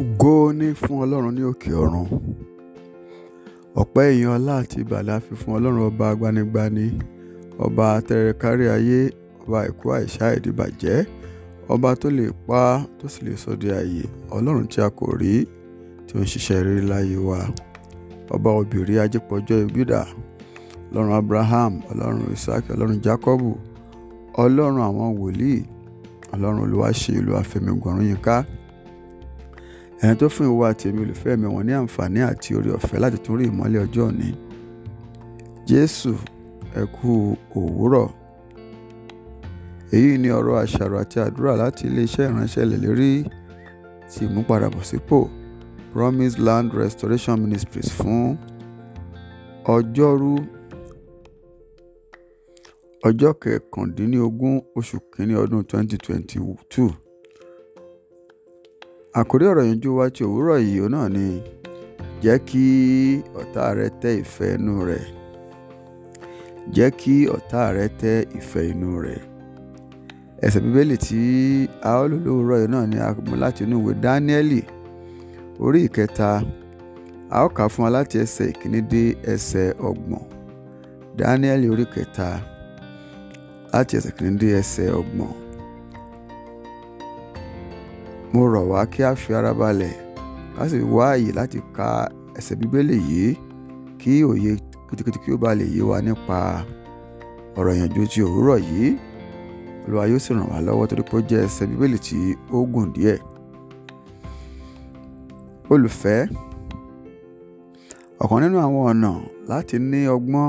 ògo ni fún ọlọ́run ní òkè ọ̀run ọ̀pẹ́ èèyàn ọlá àti ìbàlá fi fún ọlọ́run ọba agbanigbani ọba atẹ́rẹ kárí ayé ọba àìkú àìsá ìdìbàjẹ́ ọba tó lè pa tó sì lè sọ di àyè ọlọ́run tí a kò rí tí ó ń ṣiṣẹ́ rírí láyé wa ọba òbírí ajípọ̀jọ́ ìbídà ọlọ́run abraham ọlọ́run isaac ọlọ́run jacobu ọlọ́run àwọn wòlíì ọlọ́run olúwaṣe olúwàfẹ́mi gbọ̀rún yín ká ẹni tó fún ìwọ àti èmi olùfẹ́ mi wọ̀n ní àǹfààní àti oore ọ̀fẹ́ láti tún rí ìmọ́lẹ̀ ọjọ́ òní jésù ẹ òwúrọ̀ èyí ni ọ̀rọ̀ àṣàrò àti àdúrà láti iléeṣẹ́ ìránṣẹ́ lèlérí ti ìmúpadàbọ̀sípò promise land restoration ministries fún ọjọ́rú ọjọ́ kẹkàndínlógún oṣù kínní ọdún twenty twenty two àkórí ọ̀rọ̀ yẹn jó wá tí òwúrọ̀ yìí òun náà ni jẹ́ kí ọ̀tá rẹ tẹ́ ìfẹ́ inú rẹ̀ jẹ́ kí ọ̀tá rẹ tẹ́ ìfẹ́ inú rẹ̀ ẹsẹ̀ bíbélì tí a ó lòlò òwúrọ̀ yìí náà ni a mú láti inú ìwé dánielì orí ìkẹta a ó kà fún wa láti ẹsẹ̀ ìkíní dé ẹsẹ̀ ọgbọ̀n dánielì orí ìkẹta láti ẹsẹ̀ ìkíní dé ẹsẹ̀ ọgbọ̀n. mo rọ̀ wá kí a fi ara balẹ̀ ká sì wá àyè láti ka ẹsẹ̀ bíbélì yìí kí òye kìtìkìtì kí ó ba lè yé wa nípa ọ̀rọ̀ ìyànjú ti òwúrọ̀ yìí olúwa yóò sì ràn wá lọ́wọ́ torí pé ó jẹ́ ẹsẹ̀ bíbélì tí ó gùn díẹ̀ olùfẹ́ ọ̀kan nínú àwọn ọ̀nà láti ní ọgbọ́n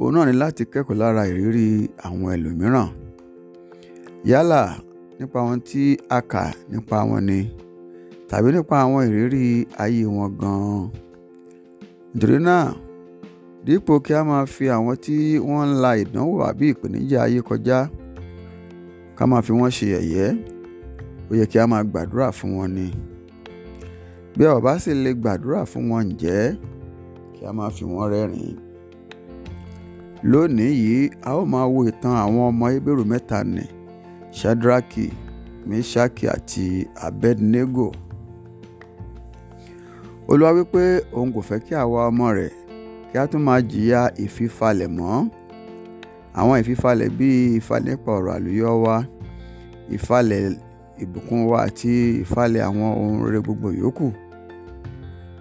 òun náà ni láti kẹ́kọ̀ọ́ lára ìrírí àwọn ẹlòmíràn yálà nípa ohun tí a kà nípa wọn ni tàbí nípa àwọn ìrírí ayé wọn gan-an. nítorí náà dípò kí a máa fi àwọn tí wọ́n ń la ìdánwò àbí ìpèníjà ayé kọjá ká máa fi wọ́n ṣe yẹ̀yẹ́ ó yẹ kí a máa gbàdúrà fún wọn ni bí a ò bá sì lè gbàdúrà fún wọn ǹjẹ́ kí a máa fi wọ́n rẹ́rìn-ín lónìí yìí a ó máa wo ìtàn àwọn ọmọ Hébérù mẹ́ta nìí shadraki meshaki àti abednego olúwa wípé òun kò fẹ́ kí àwa ọmọ rẹ̀ kí a tún máa jìyà ìfifalẹ̀ mọ́ àwọn ìfifalẹ̀ bíi ìfalẹ̀ nípa ọ̀rọ̀ àlùyọ wa ìfalẹ̀ ìbùkún wa àti ìfalẹ̀ àwọn ohun rere gbogbo yòókù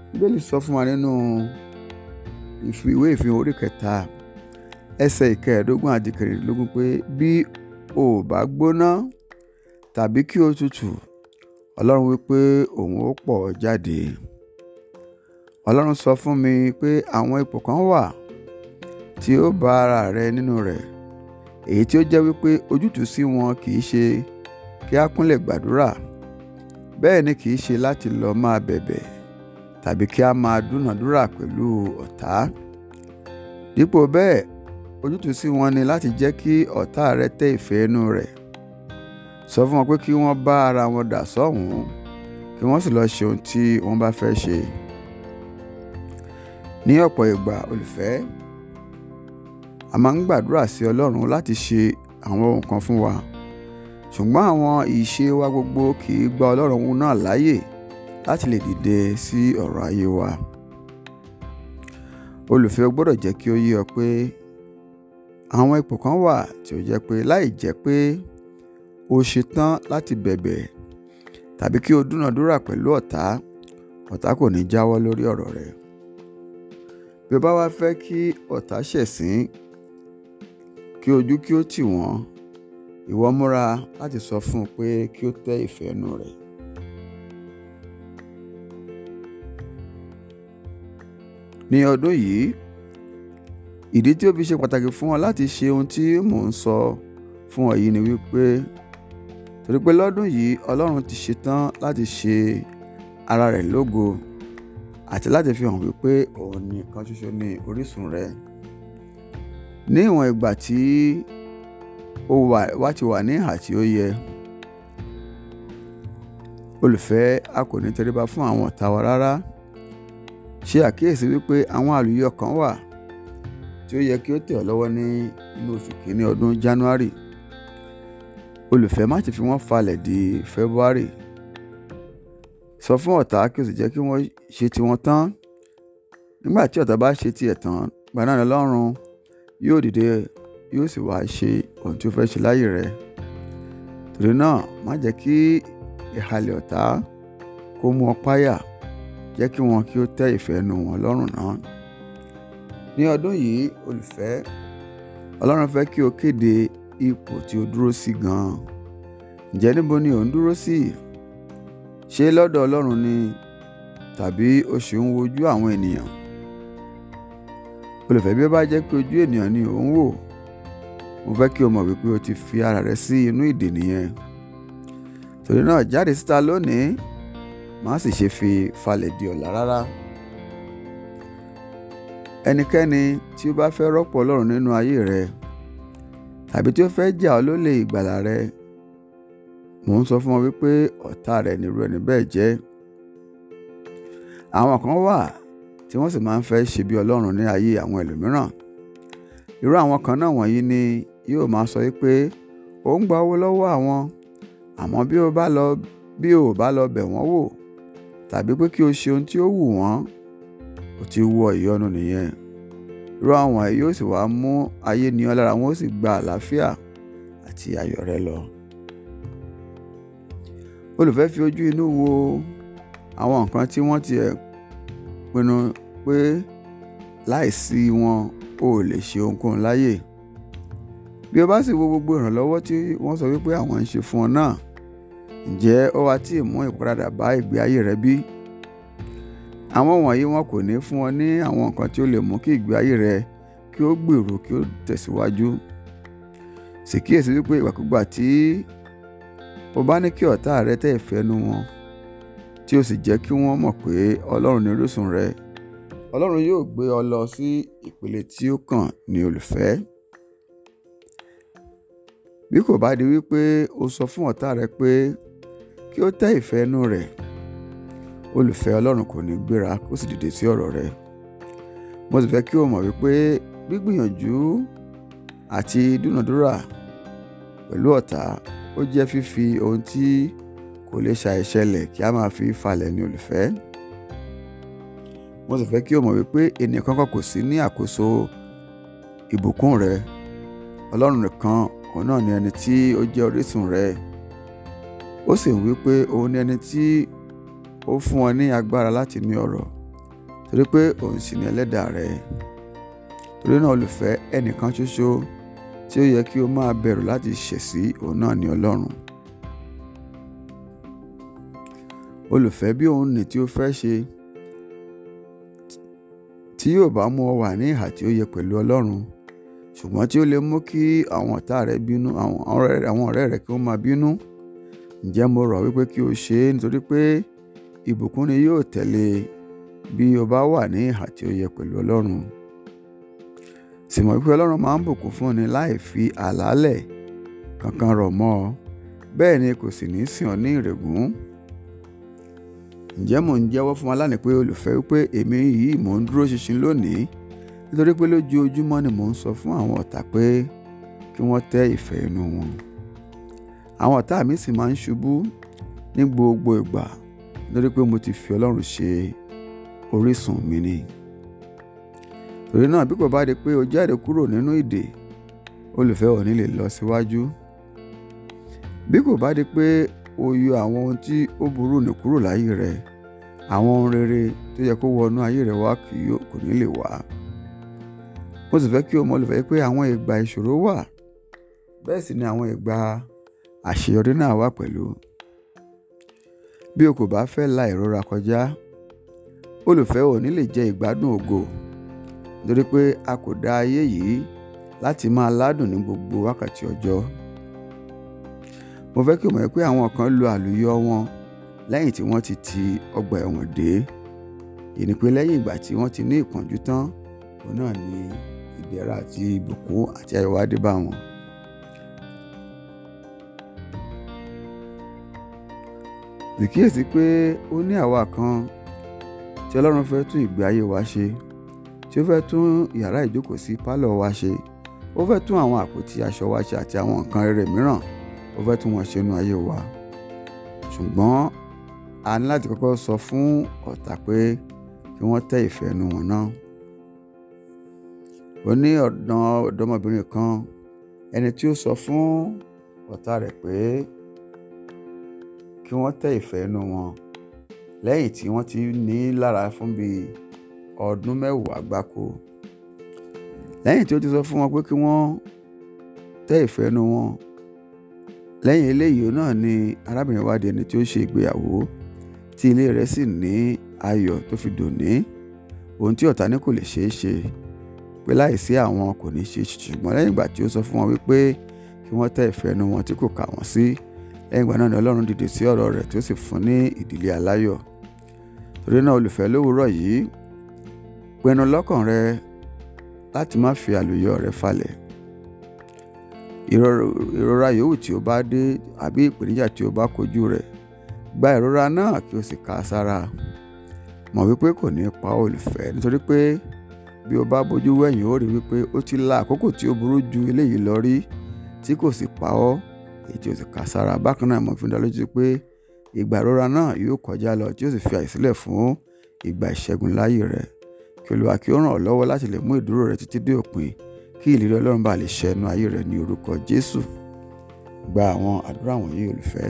bíbélì sọ fún wa nínú ìwé ìfihàn orí kẹta ẹsẹ̀ ìkẹẹ̀ẹ́dógún àti kẹrìndínlógún pé bí ò bá gbóná tàbí kí ó tutù ọlọ́run wípé òun ó pọ̀ jáde ọlọ́run sọ fún mi pé àwọn ipò kan wà tí ó bá ara rẹ nínú rẹ̀ èyí tí ó jẹ́ wípé ojútùú sí wọn kì í ṣe kí a kúnlẹ̀ gbàdúrà bẹ́ẹ̀ ni kì ṣe láti lọ máa bẹ̀bẹ̀ tàbí kí a máa dúnàdúrà pẹ̀lú ọ̀tá dípò bẹ́ẹ̀ ojútùú sí wọn ni láti jẹ́ kí ọ̀tá rẹ tẹ́ ìfẹ́ inú rẹ̀ sọ fún wọn pé kí wọ́n bá ara wọn dà sọ́hùn kí wọ́n sì lọ ṣe ohun tí wọ́n bá fẹ́ ṣe ní ọ̀pọ̀ ìgbà olùfẹ́ a máa ń gbàdúrà sí ọlọ́run láti ṣe àwọn ohun kan fún wa ṣùgbọ́n àwọn ìṣe wa gbogbo kì í gba ọlọ́run náà láàyè láti lè dìde sí ọ̀rọ̀ ayé wa olùfẹ́ gbọ́dọ̀ jẹ́ kí ó yé ọ pé àwọn ipò kan wà tí ó jẹ́ pé láì jẹ́ pé o ṣetán láti bẹ̀bẹ̀ tàbí kí o dúnàdúrà pẹ̀lú ọ̀tá ọ̀tá kò ní jáwọ́ lórí ọ̀rọ̀ rẹ bí o bá wá fẹ́ kí ọ̀tá ṣẹ̀sín kí ojú kí ó tì wọ́n ìwọ múra láti sọ fún un pé kí ó tẹ́ ìfẹ́ inú rẹ̀. ní ọdún yìí ìdí tí ó fi ṣe pàtàkì fún ọ láti ṣe ohun tí mò ń sọ fún ọ yìí ni wípé torí pé lọ́dún yìí ọlọ́run ti ṣetán láti ṣe ara rẹ̀ lógo àti láti fi hàn wípé òun nìkan ṣoṣo ni orísun rẹ̀ ní ìwọ̀n ìgbà tí ó wá ti wà ní ìhà tí ó yẹ olùfẹ́ a kò ní tẹríba fún àwọn ọ̀tá wa rárá ṣe àkíyèsí wípé àwọn àlùyọ kan wà tí ó yẹ kí ó tẹ̀ ọ́ lọ́wọ́ ní inú oṣù kínní ọdún January olùfẹ́ má ti fi wọ́n falẹ̀ di February sọ fún ọ̀tá kí o sì jẹ́ kí wọ́n ṣe tiwọn tán nígbà tí ọ̀tá bá ṣe tiẹ̀ tán gbaná ni Ọlọ́run yóò dìde yóò sì wá ṣe ohun tí ó fẹ́ ṣe láyè rẹ̀ torí náà má jẹ́ kí ìhalẹ̀ ọ̀tá kó mú ọ páyà jẹ́ kí wọn kí ó tẹ́ ìfẹ́ nu wọn lọ́rùn náà. Ní ọdún yìí, olùfẹ́, Ọlọ́run fẹ́ kí o kéde ipò tí o dúró sí gan-an. Ǹjẹ́ níbo ni ò ń dúró sí? Ṣé lọ́dọ̀ Ọlọ́run ni tàbí o ṣì ń wojú àwọn ènìyàn? Olùfẹ́ bí ó bá jẹ́ pé ojú ènìyàn ni ò ń wò, mo fẹ́ kí o mọ̀ wípé o ti fi ara rẹ sí inú ìdè nìyẹn. Torí náà jáde síta lónìí, má sì ṣe fi falẹ̀ di ọ̀la rárá ẹnikẹ́ni tí ó bá fẹ́ rọ́pò ọlọ́run nínú ayé rẹ tàbí tí ó fẹ́ jà ọ́ lólè ìgbàlà rẹ mò ń sọ fún ọ wípé ọ̀tá rẹ nírú ẹni bẹ́ẹ̀ jẹ́ àwọn kan wà tí wọ́n sì máa ń fẹ́ ṣe bí ọlọ́run ní ayé àwọn ẹlòmíràn irú àwọn kan náà wọ̀nyí ni yóò máa sọ wípé ó ń gba owó lọ́wọ́ àwọn àmọ́ bí o bá lọ bí o bá lọ bẹ̀ wọ́n wò tàbí pé kí o ṣe ohun tí ó wù wọ́n ó ti wọ ìyọnu nìyẹn irú àwọn àyè yóò sì wá mú ayé ní ọ lára wọn ó sì gba àlàáfíà àti ayọ̀ rẹ lọ. olùfẹ́ fi ojú inú wo àwọn nǹkan tí wọ́n ti pinnu pé láìsí wọn ò lè ṣe ohunkóhun láyè bí o bá sì wo gbogbo ìrànlọ́wọ́ tí wọ́n sọ wípé àwọn ń ṣe fún ọ náà ǹjẹ́ ó wá tí ì mú ìpadà bá ìgbé ayé rẹ bí? àwọn wọ̀nyí wọn kò ní fún ọ ní àwọn nǹkan tí ó lè mú kí ìgbé ayé rẹ kí ó gbèrò kí ó tẹ̀síwájú sì kíyèsí wípé ìgbàkúgbà tí o bá ní kí ọ̀tá rẹ tẹ́ ìfẹ́nu wọn tí o sì jẹ́ kí wọ́n mọ̀ pé ọlọ́run ni orísun rẹ ọlọ́run yóò gbé ọ lọ sí ìpele tí ó kàn ní olùfẹ́ bí kò bá di wípé o sọ fún ọ̀tá rẹ pé kí ó tẹ́ ìfẹ́nu rẹ̀ olùfẹ́ ọlọ́run kò ní gbéra kó sì dìde sí ọ̀rọ̀ rẹ mo sì fẹ́ kí o mọ̀ wípé gbígbìyànjú àti dúnàdúrà pẹ̀lú ọ̀tá ó jẹ́ fífi ohun tí kò lè ṣàìṣẹlẹ̀ kí a máa fi falẹ̀ ní olùfẹ́ mo sì fẹ́ kí o mọ̀ wípé ènìyàn kankan kò sí ní àkóso ìbùkún rẹ ọlọ́run nìkan òun náà ni ẹni tí ó jẹ́ orísun rẹ ó sì ń wí òun ni ẹni tí ó fún ọ ní agbára láti ní ọrọ̀ torí pé òun sì ni ẹlẹ́dàá rẹ torí náà olùfẹ́ ẹnìkan ṣoṣo tí ó yẹ kí o máa bẹ̀rù láti ṣẹ̀sí òun náà ni ọlọ́run olùfẹ́ bí òun nì tí ó fẹ́ ṣe tí yóò bá mú ọ wà ní ìhà tí ó yẹ pẹ̀lú ọlọ́run ṣùgbọ́n tí ó lè mú kí àwọn ọ̀tá rẹ bínú àwọn ọ̀rẹ́ rẹ kí wọ́n máa bínú ǹjẹ́ mo rọ̀ wípé kí o ṣe é nítorí pé ìbùkún ni yóò tẹ̀lé e bí o bá wà ní ìhà tí ó yẹ pẹ̀lú ọlọ́run sì wípé ọlọ́run máa ń bùkún fún ni láì fi àlàálẹ̀ kankan rọ̀ mọ́ ọ bẹ́ẹ̀ ni kò sì ní sìn ọ́ ní ìrègùn ǹjẹ́ mò ń jẹ́wọ́ fún aláàánú pé olùfẹ́ wípé èmi yìí mò ń dúró ṣinṣin lónìí nítorí pé lójoojúmọ́ ni mò ń sọ fún àwọn ọ̀tá pé kí wọ́n tẹ́ ìfẹ́ inú wọn àwọn ọ̀tá mi sì máa ń ṣubú ní gbogbo ìgbà nítorí pé mo ti fi ọlọ́run ṣe orísun mi ni torí náà bí kò bá di pé o jáde kúrò nínú ìdè olùfẹ́ ò ní lè lọ síwájú bí kò bá di pé o yọ àwọn ohun tí ó burú ní kúrò láyé rẹ àwọn ohun rere tó yẹ kó wọnú ayé rẹ wá kì yóò kò ní lè wá mo sì fẹ́ kí o mọ olùfẹ́ pé àwọn ìgbà ìṣòro wà bẹ́ẹ̀ sì ni àwọn ìgbà àṣeyọrí náà wà pẹ̀lú bí o kò bá fẹ́ la ìrora kọjá olùfẹ́ ò ní lè jẹ ìgbádùn ògo nítorí pé a kò dá ayé yìí láti máa ládùn ní gbogbo wákàtí ọjọ́ mo fẹ́ kí o mọ̀ pé àwọn kan lo àlùyọ wọn lẹ́yìn tí wọ́n ti ti ọgbà ẹ̀wọ̀n dé èyí ni pé lẹ́yìn ìgbà tí wọ́n ti ní ìpọ́njú tán òun náà ni ìdẹ̀ra àti ìbùkún àti ayọ̀wádé bá ṣèkíyèsí pé ó ní àwa kan tí ọlọ́run fẹ́ tún ìgbé ayé wa ṣe tí ó fẹ́ tún yàrá ìjókòó sí pálọ̀ wa ṣe ó fẹ́ tún àwọn àpótí aṣọ wa ṣe àti àwọn nǹkan rere mìíràn ó fẹ́ tún wọn ṣe inú ayé wa ṣùgbọ́n a ní láti kọ́kọ́ sọ fún ọ̀tá pé kí wọ́n tẹ́ ìfẹ́ inú wọn náà ó ní ọ̀dàn ọ̀dọ́mọbìnrin kan ẹni tí ó sọ fún ọ̀tá rẹ̀ pé kí wọ́n tẹ ìfẹ́ inú wọn lẹ́yìn tí wọ́n ti ní lára fún bíi ọdún mẹ́wàá gbáko lẹ́yìn tí ó ti sọ fún wọn pé kí wọ́n tẹ ìfẹ́ inú wọn lẹ́yìn eléyìí náà ni arábìnrin wa di ẹni tí ó ṣe ìgbéyàwó tí ilé rẹ̀ sì ní ayọ̀ tó fi dòní ohun tí ọ̀tá ní kò lè ṣeé ṣe pé láìsí àwọn kò ní ṣe ṣùgbọ́n lẹ́yìn ìgbà tí ó sọ fún wọn wípé kí wọ́n tẹ ìfẹ́ inú wọn tí kò kà wọ́n sí. Si lẹ́yìn ìgbà náà ni ọlọ́run dìde sí ọ̀rọ̀ rẹ̀ tí ó sì fún ní ìdílé aláyọ̀ torí náà olùfẹ́ lówùúrọ̀ yìí pinnu lọ́kàn rẹ láti má fi àlùyọ rẹ falẹ̀ ìrora yòówù tí o bá dé àbí ìpèníjà tí o bá kojú rẹ̀ gba ìrora náà kí o sì kà sára mọ̀ wípé kò ní pa olùfẹ́ nítorí pé bí o bá bójú wẹ̀yìn ó rí wípé ó ti la àkókò tí ó burú ju eléyìí lọ rí tí kò sì pa ọ́ èyí tí ó bákan náà mo fi dá lójú pé ìgbà ìrora náà yóò kọjá lọ tí ó sì fi àyè sílẹ̀ fún ìgbà ìṣẹ́gun láyé rẹ kí olúwa kí ó ràn ọ́ lọ́wọ́ láti lè mú ìdúró rẹ títí dé òpin kí ìlérí ọlọ́run bá lè ṣẹ ẹnu ayé rẹ ní orúkọ jésù gba àwọn àdúrà wọ̀nyí olùfẹ́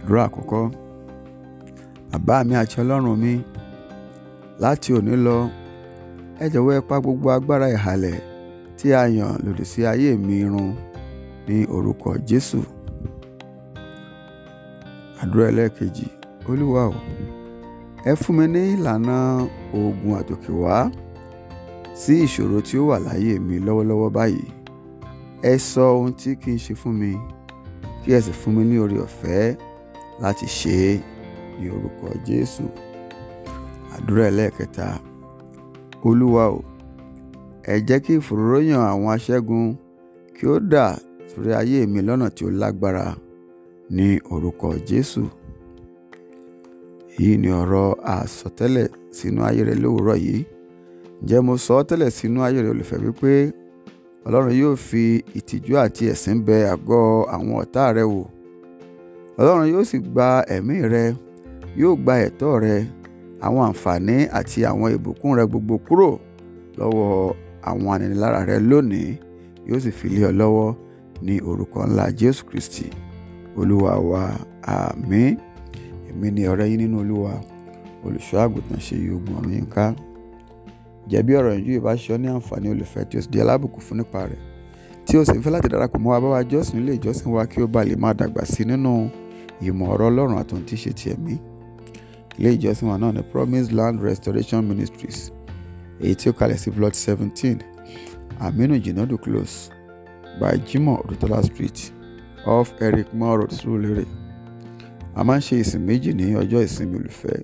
àdúrà àkọ́kọ́ bàbá mi àti ọlọ́run mi láti òní lọ ẹ jọ̀wọ́ ẹ pa gbogbo agbára ìhàlẹ̀ tí a yàn lòdì sí ayé mi run ní orúkọ Jésù. Àdúrà ẹlẹ́ẹ̀kejì Olúwa o ẹ fún mi ní ìlànà oògùn àtòkèwá sí ìṣòro tí ó wà láyé mi lọ́wọ́lọ́wọ́ báyìí ẹ sọ ohun tí kì í ṣe fún mi kí ẹ sì fún mi ní oore ọ̀fẹ́ láti ṣe é ní orúkọ Jésù àdúrà ẹlẹ́ẹ̀kẹta Olúwa o ẹ jẹ́ kí ìfòróróyàn àwọn aṣẹ́gun kí ó dà sórí ayé mi lọ́nà tí ó lágbára ní orúkọ Jésù èyí ni ọ̀rọ̀ àsọtẹ́lẹ̀ sínú ayé rẹ lówùúrọ̀ yìí ǹjẹ́ mo sọ ọ́ tẹ́lẹ̀ sínú ayé rẹ olùfẹ́ wípé Ọlọ́run yóò fi ìtìjú àti ẹ̀sín bẹ àgọ́ àwọn ọ̀tá rẹ wò Ọlọ́run yóò sì gba ẹ̀mí rẹ yóò gba ẹ̀tọ́ rẹ àwọn àǹfààní àti àwọn ìbùkún rẹ gbogbo kúrò lọ́wọ́ àwọn aninilára rẹ lónìí yóò sì fi lé ọ lọ́wọ́ ní orúkọ ńlá jésù kristi olúwa wa àmín èmi ni ọ̀rẹ́ yín nínú olúwa olùṣọ́ àgùntàn ṣe yòógùn ọ̀run yín ká jẹ̀bi ọ̀rọ̀ yìí yóò bá ṣe ní àǹfààní olùfẹ́ tí o sì di alábùkún fún nípa rẹ̀ tí o sì ń fẹ́ láti darapọ̀ mọ́ wa bá wa jọ́sìn nílé ìjọsìn wa kí o bá lè máa dàgbà sí nínú ìmọ̀ ọ̀rọ̀ ọlọ́run àtòun tí ṣe ti ẹ̀mí ilé ìjọsìn wa náà ni Promise Land Restoration Ministries èyí tí ó kalẹ̀ sí plot seventeen aminu jinadu close by Jimoh Odutola Street off Eric Moore Road Surulere a máa ń ṣe ìsìn méjì ní ọjọ́ ìsinmi olùfẹ́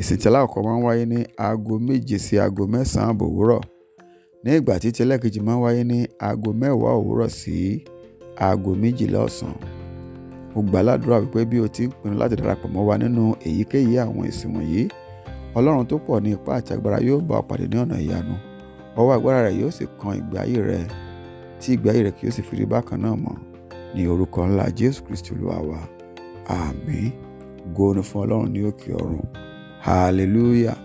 ìsìn tẹ́lá ọ̀kọ́ máa ń wáyé ní aago méje sí aago mẹ́sàn-án àbọ̀ òwúrọ̀ ní ìgbà tí tẹ́lẹ̀ kejì máa ń wáyé ní aago mẹ́wàá òwúrọ̀ sí aago méjìlá ọ̀sán mo gbà ládùúrà wípé bí o ti ń pinnu láti darapọ̀ mọ́ wa nínú èyíkéyìí àwọn ìsìn wọ̀nyí ọlọ́run tó pọ̀ ní ipá àti agbára yóò bá ọ ní ọ̀nà ìyanu ọwọ́ agbára rẹ̀ yóò sì kan ìgbé ayé rẹ̀ tí ìgbé ayé rẹ̀ kì yóò sì fi rí bákan náà mọ́ ní orúkọ ńlá jésù kristi olúwa wa àmín góòlù fún ọlọ́run ní òkè ọ̀run hallelujah.